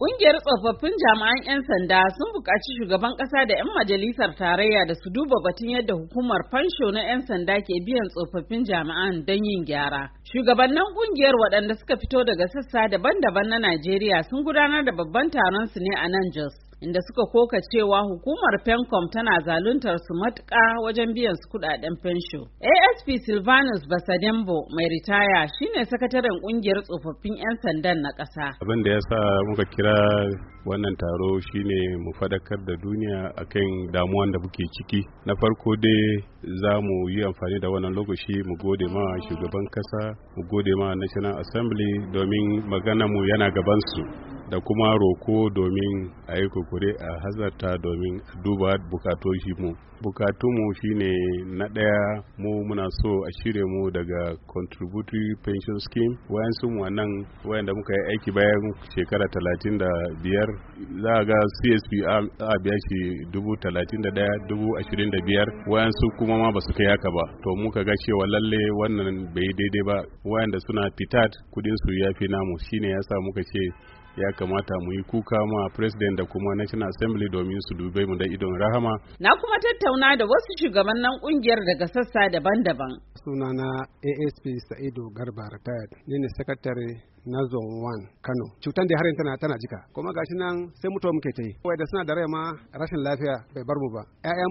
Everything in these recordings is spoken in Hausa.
Ƙungiyar tsofaffin jami'an 'yan sanda sun buƙaci shugaban ƙasa da 'yan majalisar tarayya da su duba batun yadda hukumar fansho na 'yan sanda ke biyan tsofaffin jami'an don yin gyara. Shugabannin ƙungiyar waɗanda suka fito daga sassa daban-daban na Najeriya sun gudanar da babban taron su ne a nan Jos. inda suka koka cewa hukumar pencom tana zaluntar su matuka wajen biyan su kudaden fensho asp silvanus basadembo mai ritaya shine sakataren kungiyar tsofaffin 'yan sandan na ƙasa abin da ya sa muka kira wannan taro shine mu fadakar da duniya akan damuwan da muke ciki na farko dai za mu yi amfani da wannan lokaci mu gode ma shugaban kasa mu gode ma national assembly domin magana mu yana gabansu da kuma roko domin a yi kukure a hazarta domin duba shi mu bukatunmu shine na ɗaya mu muna so a shirya mu daga contributory pension scheme wayansu mu nan wayanda muka yi aiki bayan shekara talatin da biyar za a ga csp a biya shi dubu talatin da ɗaya dubu ashirin da biyar wayansu kuma ma ba su kai haka ba to muka ga cewa lalle wannan bai daidai ba wayanda suna fitat kudin su ya fi namu shine ya sa muka ce ya kamata mu yi kuka ma president da kuma national assembly domin su dube mu da idon rahama na kuma tattauna da wasu shugabannin kungiyar daga sassa daban-daban sunana asp sa'idu garba retired ni ne sakatare na zone 1 kano cutar da harin tana tana jika kuma gashi nan sai mutuwa muke ta yi wai da suna da rai ma rashin lafiya bai bar mu ba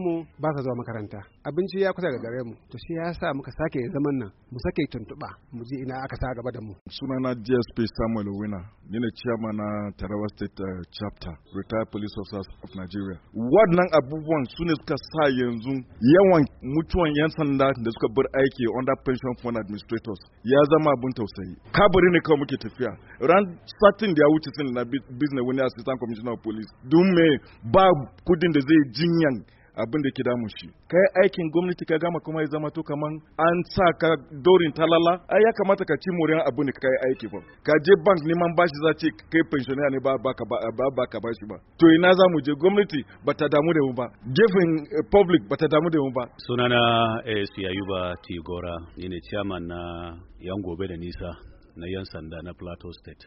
mu ba sa zuwa makaranta abinci ya kusa ga gare mu to shi ya sa muka sake zaman nan mu sake tuntuɓa mu ji ina aka sa gaba da mu sunana dsp samuel wina ni ne chairman na tarawa state eh, chapter retired police officers of nigeria waɗannan abubuwan su ne suka sa yanzu yawan mutuwan yan sanda da suka bar aiki ke under pension fund administrators ya zama abin tausayi kabari ne kawai muke tafiya ran satin da ya wuce sin na business wani assistant commissioner of police dun me ba kudin da zai jinyan abin da ke damun shi kai aikin gwamnati ka gama kuma ya zama to kaman an sa ka dorin talala ai ya kamata ka ci moriyan abin da kai aiki ba ka je bank neman bashi za ce kai pensioner ne ba ka ba ka bashi ba to ina za mu je gwamnati ba ta damu da mu ba gefen eh, public ba ta damu da mu ba sunana ASU eh, Ayuba Tigora ni ne chairman na yan gobe da nisa na 'yan sanda na plateau state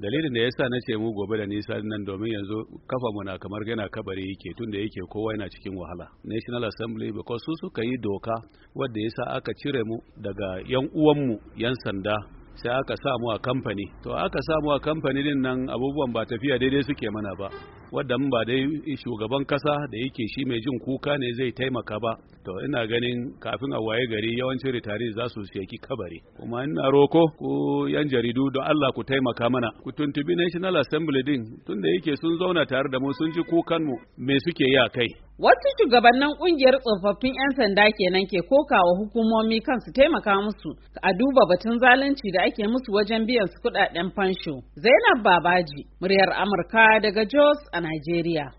dalilin da yasa na ce mu gobe da nisa nan domin yanzu kafa mu na kamar yana kabari yake tun da yake kowa yana cikin wahala national assembly because su suka yi doka wadda yasa aka cire mu daga 'yan uwan mu 'yan sanda sai aka samu a kamfani to aka samu a kamfani din nan abubuwan ba tafiya daidai suke mana ba wadda ba dai shugaban kasa da yake shi mai jin kuka ne zai taimaka ba to ina ganin kafin a waye gari yawancin ritari za su sheki kabari kuma ina roko ku yan jaridu don Allah ku taimaka mana ku tuntubi National Assembly din tunda yake sun zauna tare da mu sun ji kukan mu me suke yi a kai Wasu shugabannin kungiyar tsofaffin 'yan sanda kenan ke kokawa hukumomi kan su taimaka musu a duba batun zalunci da ake musu wajen biyan su kudaden fansho. Zainab Babaji, muryar Amurka daga Jos a Najeriya.